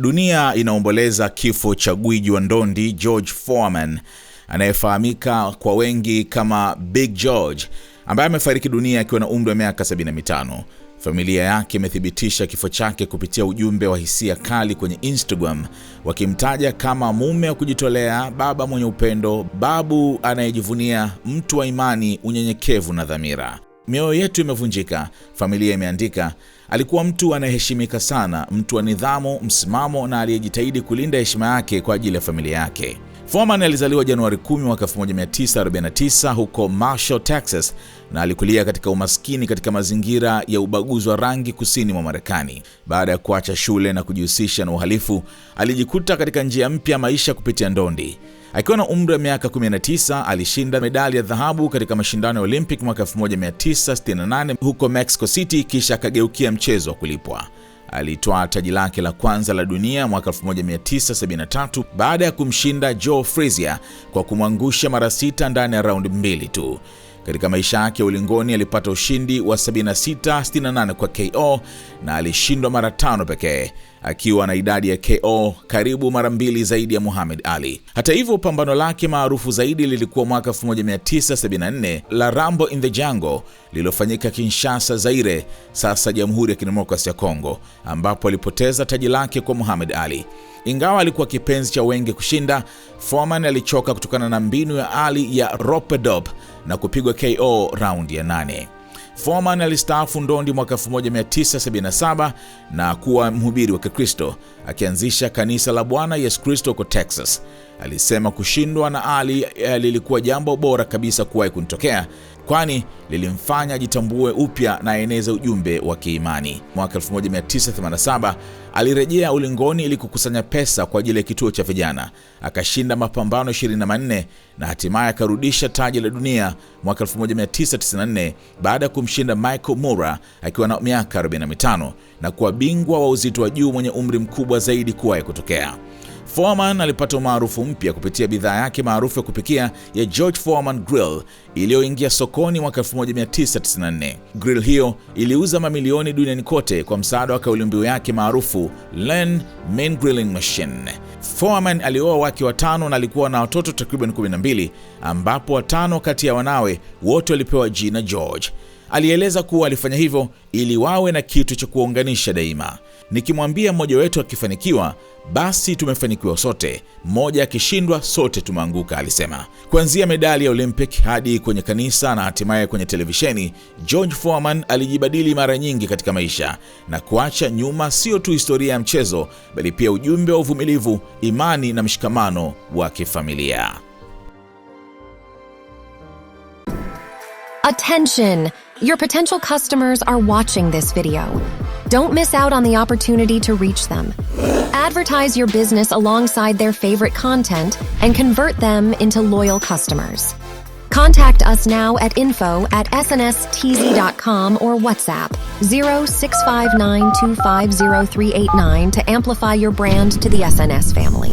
Dunia inaomboleza kifo cha gwiji wa ndondi George Foreman anayefahamika kwa wengi kama Big George ambaye amefariki dunia akiwa na umri wa miaka 75. Familia yake imethibitisha kifo chake kupitia ujumbe wa hisia kali kwenye Instagram wakimtaja kama mume wa kujitolea, baba mwenye upendo, babu anayejivunia, mtu wa imani, unyenyekevu na dhamira. Mioyo yetu imevunjika, familia imeandika. Alikuwa mtu anayeheshimika sana, mtu wa nidhamu, msimamo na aliyejitahidi kulinda heshima yake kwa ajili ya familia yake. Foreman alizaliwa Januari 10 mwaka 1949 huko Marshall, Texas na alikulia katika umaskini katika mazingira ya ubaguzi wa rangi kusini mwa Marekani. Baada ya kuacha shule na kujihusisha na uhalifu, alijikuta katika njia mpya maisha kupitia ndondi. Akiwa na umri wa miaka 19 alishinda medali ya dhahabu katika mashindano ya Olympic mwaka 1968 huko Mexico City, kisha akageukia mchezo wa kulipwa alitwaa taji lake la kwanza la dunia mwaka 1973 baada ya kumshinda Joe Frazier kwa kumwangusha mara sita ndani ya raundi mbili tu. Katika maisha yake ya ulingoni alipata ushindi wa 76 68 kwa KO na alishindwa mara tano pekee akiwa na idadi ya KO karibu mara mbili zaidi ya Muhammad Ali. Hata hivyo, pambano lake maarufu zaidi lilikuwa mwaka 1974 la rambo in the Jungle lililofanyika Kinshasa, Zaire, sasa Jamhuri ya Kidemokrasia ya Kongo, ambapo alipoteza taji lake kwa Muhammad Ali. Ingawa alikuwa kipenzi cha wengi kushinda, Foreman alichoka kutokana na mbinu ya Ali ya rope dope na kupigwa KO raundi ya nane. Foreman alistaafu ndondi mwaka 1977 na kuwa mhubiri wa Kikristo akianzisha kanisa la Bwana Yesu Kristo huko Texas. Alisema kushindwa na Ali eh, lilikuwa jambo bora kabisa kuwahi kuntokea kwani lilimfanya ajitambue upya na aeneze ujumbe wa kiimani. Mwaka 1987 alirejea ulingoni ili kukusanya pesa kwa ajili ya kituo cha vijana, akashinda mapambano 24 na hatimaye akarudisha taji la dunia mwaka 1994 baada ya kumshinda Michael Mura akiwa na miaka 45 na kuwa bingwa wa uzito wa juu mwenye umri mkubwa zaidi kuwahi kutokea. Foreman alipata umaarufu mpya kupitia bidhaa yake maarufu ya kupikia ya George Foreman Grill iliyoingia sokoni mwaka 1994. Grill hiyo iliuza mamilioni duniani kote kwa msaada wa kaulimbiu yake maarufu Learn Main Grilling Machine. Foreman alioa wake watano na alikuwa na watoto takriban 12 ambapo watano kati ya wanawe wote walipewa jina George. Alieleza kuwa alifanya hivyo ili wawe na kitu cha kuwaunganisha daima. Nikimwambia mmoja wetu akifanikiwa, basi tumefanikiwa sote, mmoja akishindwa, sote tumeanguka, alisema. Kuanzia medali ya Olympic hadi kwenye kanisa na hatimaye kwenye televisheni, George Foreman alijibadili mara nyingi katika maisha na kuacha nyuma sio tu historia ya mchezo, bali pia ujumbe wa uvumilivu, imani na mshikamano wa kifamilia. Attention. Your potential customers are watching this video. Don't miss out on the opportunity to reach them. Advertise your business alongside their favorite content and convert them into loyal customers. Contact us now at info at snstz.com or WhatsApp 0659250389 to amplify your brand to the SNS family.